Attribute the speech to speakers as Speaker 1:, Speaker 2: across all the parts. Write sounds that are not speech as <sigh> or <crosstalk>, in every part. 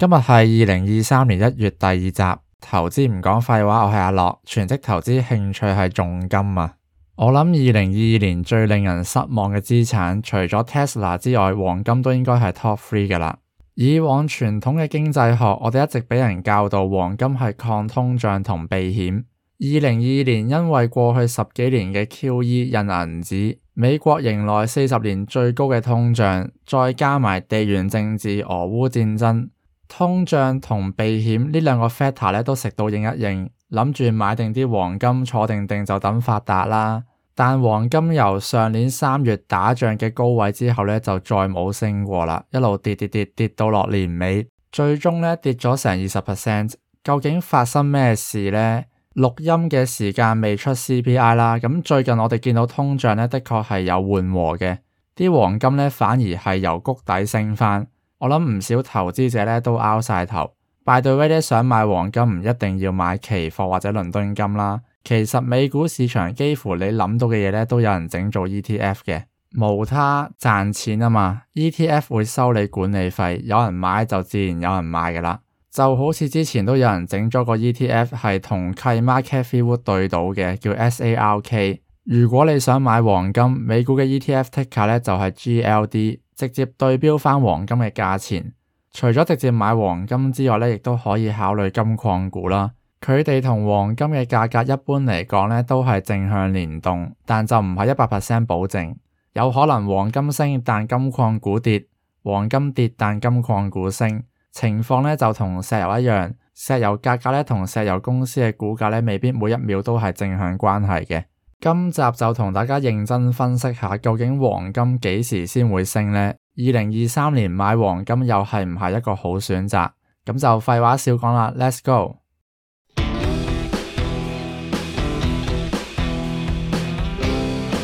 Speaker 1: 今日係二零二三年一月第二集，投資唔講廢話，我係阿樂，全職投資興趣係重金啊。我諗二零二二年最令人失望嘅資產，除咗 Tesla 之外，黃金都應該係 Top Three 㗎喇。以往傳統嘅經濟學，我哋一直俾人教導，黃金係抗通脹同避險。二零二二年因為過去十幾年嘅 QE 印銀紙，美國迎來四十年最高嘅通脹，再加埋地緣政治俄烏戰爭。通脹同避險呢兩個 factor 呢都食到應一應，諗住買定啲黃金坐定定就等發達啦。但黃金由上年三月打仗嘅高位之後呢，就再冇升過啦，一路跌跌跌跌到落年尾，最終呢跌咗成二十 percent。究竟發生咩事呢？錄音嘅時間未出 CPI 啦，咁最近我哋見到通脹呢，的確係有緩和嘅，啲黃金呢，反而係由谷底升返。我諗唔少投資者咧都拗晒頭，By the way，想買黃金唔一定要買期貨或者倫敦金啦。其實美股市場幾乎你諗到嘅嘢咧都有人整做 ETF 嘅，無他賺錢啊嘛。ETF 會收你管理費，有人買就自然有人賣噶啦。就好似之前都有人整咗個 ETF 係同契媽 Cathie Wood 對賭嘅，叫 SARK。如果你想買黃金，美股嘅 ETF ticker 咧就係 GLD。直接對標返黃金嘅價錢，除咗直接買黃金之外咧，亦都可以考慮金礦股啦。佢哋同黃金嘅價格一般嚟講咧，都係正向連動，但就唔係一百 percent 保證。有可能黃金升但金礦股跌，黃金跌但金礦股升，情況咧就同石油一樣。石油價格咧同石油公司嘅股價咧，未必每一秒都係正向關係嘅。今集就同大家認真分析下，究竟黃金幾時先會升呢？二零二三年買黃金又係唔係一個好選擇？咁就廢話少講啦，Let's go。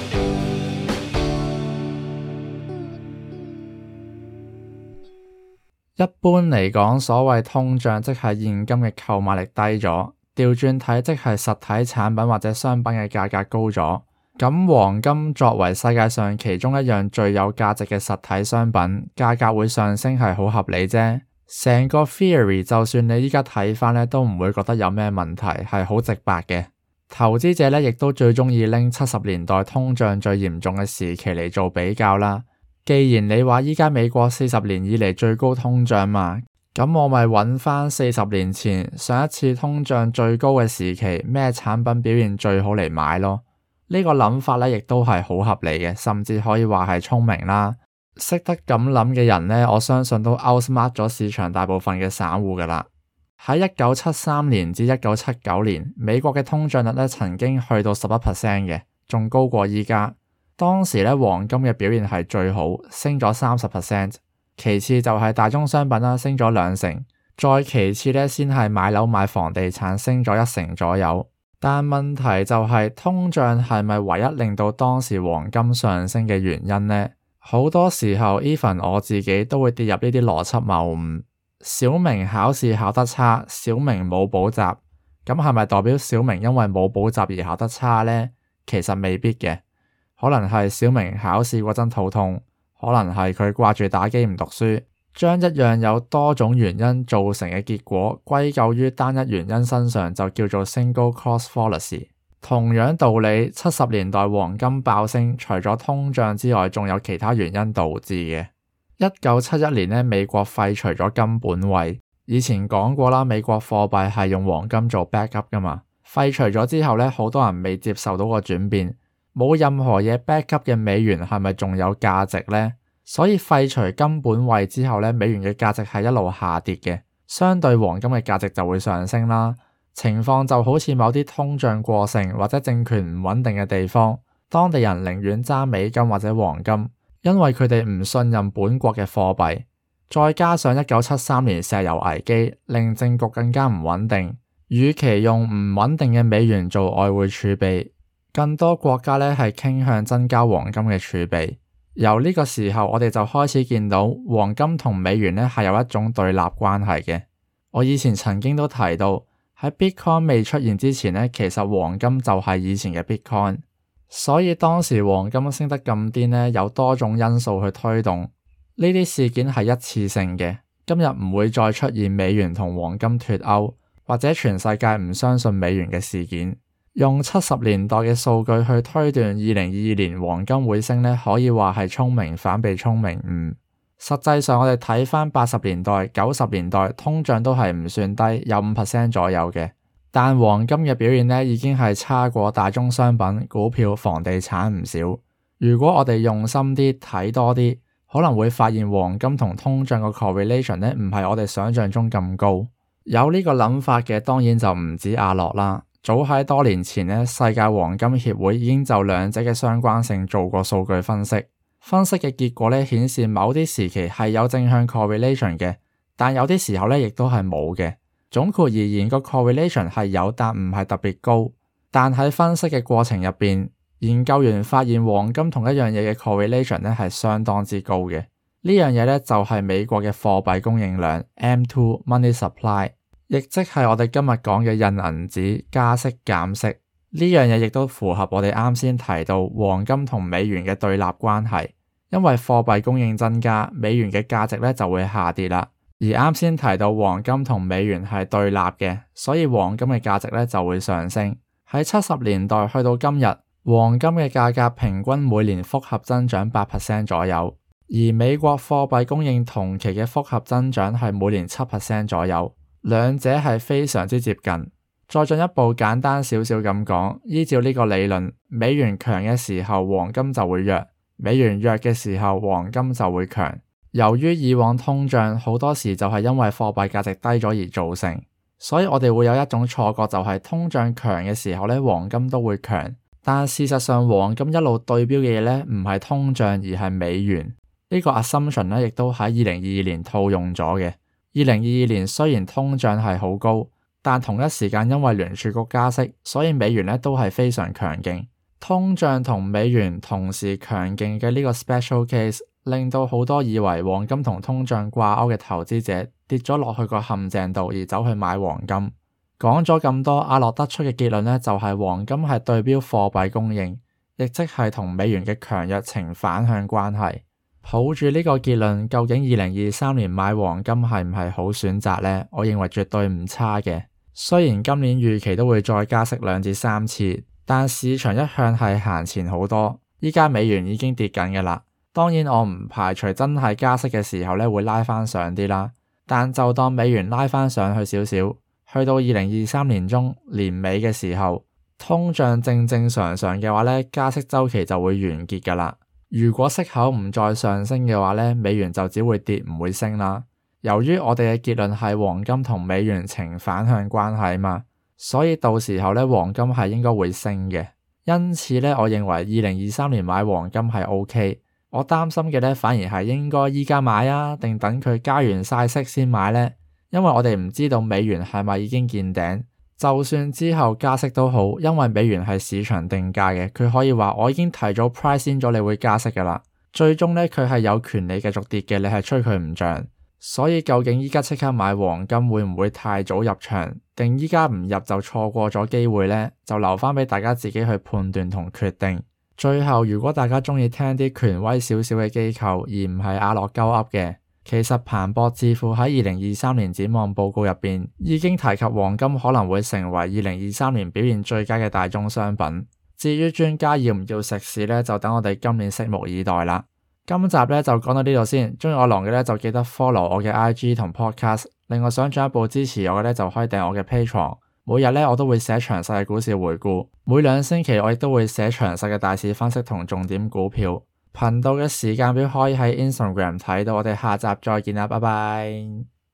Speaker 1: <music> 一般嚟講，所謂通脹，即係現金嘅購買力低咗。調轉體即係實體產品或者商品嘅價格高咗，咁黃金作為世界上其中一樣最有價值嘅實體商品，價格會上升係好合理啫。成個 theory 就算你依家睇翻咧，都唔會覺得有咩問題，係好直白嘅。投資者咧亦都最中意拎七十年代通脹最嚴重嘅時期嚟做比較啦。既然你話依家美國四十年以嚟最高通脹嘛。咁我咪搵翻四十年前上一次通脹最高嘅時期，咩產品表現最好嚟買咯？這個、呢個諗法咧，亦都係好合理嘅，甚至可以話係聰明啦。識得咁諗嘅人咧，我相信都 outsmart 咗市場大部分嘅散戶噶啦。喺一九七三年至一九七九年，美國嘅通脹率咧曾經去到十一 percent 嘅，仲高過依家。當時咧，黃金嘅表現係最好，升咗三十 percent。其次就係大宗商品啦，升咗兩成，再其次呢，先係買樓買房地產升咗一成左右。但問題就係通脹係咪唯一令到當時黃金上升嘅原因呢？好多時候 even 我自己都會跌入呢啲邏輯謬誤。小明考試考得差，小明冇補習，咁係咪代表小明因為冇補習而考得差呢？其實未必嘅，可能係小明考試嗰陣肚痛。可能係佢掛住打機唔讀書，將一樣有多種原因造成嘅結果歸咎於單一原因身上，就叫做 single cause fallacy。同樣道理，七十年代黃金爆升，除咗通脹之外，仲有其他原因導致嘅。一九七一年呢，美國廢除咗金本位，以前講過啦，美國貨幣係用黃金做 backup 噶嘛，廢除咗之後呢，好多人未接受到個轉變。冇任何嘢 backup 嘅美元係咪仲有價值咧？所以廢除金本位之後咧，美元嘅價值係一路下跌嘅，相對黃金嘅價值就會上升啦。情況就好似某啲通脹過剩或者政權唔穩定嘅地方，當地人寧願揸美金或者黃金，因為佢哋唔信任本國嘅貨幣，再加上一九七三年石油危機令政局更加唔穩定，與其用唔穩定嘅美元做外匯儲備。更多國家咧係傾向增加黃金嘅儲備，由呢個時候我哋就開始見到黃金同美元咧係有一種對立關係嘅。我以前曾經都提到喺 Bitcoin 未出現之前咧，其實黃金就係以前嘅 Bitcoin，所以當時黃金升得咁癲咧，有多種因素去推動，呢啲事件係一次性嘅，今日唔會再出現美元同黃金脫鈎或者全世界唔相信美元嘅事件。用七十年代嘅數據去推斷二零二二年黃金會升呢，可以話係聰明反被聰明誤，嗯。實際上，我哋睇翻八十年代、九十年代，通脹都係唔算低，有五 percent 左右嘅。但黃金嘅表現呢，已經係差過大宗商品、股票、房地產唔少。如果我哋用心啲睇多啲，可能會發現黃金同通脹個 correlation 呢，唔係我哋想象中咁高。有呢個諗法嘅，當然就唔止阿樂啦。早喺多年前呢，世界黃金協會已經就兩者嘅相關性做過數據分析。分析嘅結果咧，顯示某啲時期係有正向 correlation 嘅，但有啲時候咧亦都係冇嘅。總括而言，個 correlation 係有，但唔係特別高。但喺分析嘅過程入邊，研究員發現黃金同一樣嘢嘅 correlation 咧係相當之高嘅。呢樣嘢咧就係美國嘅貨幣供應量 M2 money supply。亦即係我哋今日講嘅印銀紙、加息、減息呢樣嘢，亦都符合我哋啱先提到黃金同美元嘅對立關係。因為貨幣供應增加，美元嘅價值呢就會下跌啦。而啱先提到黃金同美元係對立嘅，所以黃金嘅價值呢就會上升。喺七十年代去到今日，黃金嘅價格平均每年複合增長八 percent 左右，而美國貨幣供應同期嘅複合增長係每年七 percent 左右。兩者係非常之接近。再進一步簡單少少咁講，依照呢個理論，美元強嘅時候，黃金就會弱；美元弱嘅時候，黃金就會強。由於以往通脹好多時就係因為貨幣價值低咗而造成，所以我哋會有一種錯覺，就係通脹強嘅時候呢，黃金都會強。但事實上，黃金一路對標嘅嘢咧，唔係通脹，而係美元。呢、這個 assumption 咧，亦都喺二零二二年套用咗嘅。二零二二年雖然通脹係好高，但同一時間因為聯儲局加息，所以美元呢都係非常強勁。通脹同美元同時強勁嘅呢個 special case，令到好多以為黃金同通脹掛鈎嘅投資者跌咗落去個陷阱度而走去買黃金。講咗咁多，阿樂得出嘅結論呢，就係黃金係對標貨幣供應，亦即係同美元嘅強弱呈反向關係。抱住呢個結論，究竟二零二三年買黃金係唔係好選擇呢？我認為絕對唔差嘅。雖然今年預期都會再加息兩至三次，但市場一向係行前好多。依家美元已經跌緊㗎喇。當然我唔排除真係加息嘅時候咧會拉返上啲啦，但就當美元拉返上去少少，去到二零二三年中年尾嘅時候，通脹正正常常嘅話咧，加息周期就會完結㗎喇。如果息口唔再上升嘅話咧，美元就只會跌，唔會升啦。由於我哋嘅結論係黃金同美元呈反向關係嘛，所以到時候咧，黃金係應該會升嘅。因此咧，我認為二零二三年買黃金係 OK。我擔心嘅咧，反而係應該依家買啊，定等佢加完曬息先買咧？因為我哋唔知道美元係咪已經見頂。就算之後加息都好，因為美元係市場定價嘅，佢可以話我已經提早 price 先咗，你會加息噶啦。最終呢，佢係有權利繼續跌嘅，你係吹佢唔漲。所以究竟而家即刻買黃金會唔會太早入場，定而家唔入就錯過咗機會呢？就留翻畀大家自己去判斷同決定。最後，如果大家中意聽啲權威少少嘅機構，而唔係阿樂鳩噏嘅。其實彭博智庫喺二零二三年展望報告入面已經提及黃金可能會成為二零二三年表現最佳嘅大宗商品。至於專家要唔要食屎呢？就等我哋今年拭目以待啦。今集呢就講到呢度先，中意我郎嘅呢就記得 follow 我嘅 IG 同 Podcast，另外想進一步支持我嘅呢就可以訂我嘅 Patreon。每日呢我都會寫詳細嘅股市回顧，每兩星期我亦都會寫詳細嘅大市分析同重點股票。頻道嘅時間表可以喺 Instagram 睇到，我哋下集再見啦，拜拜。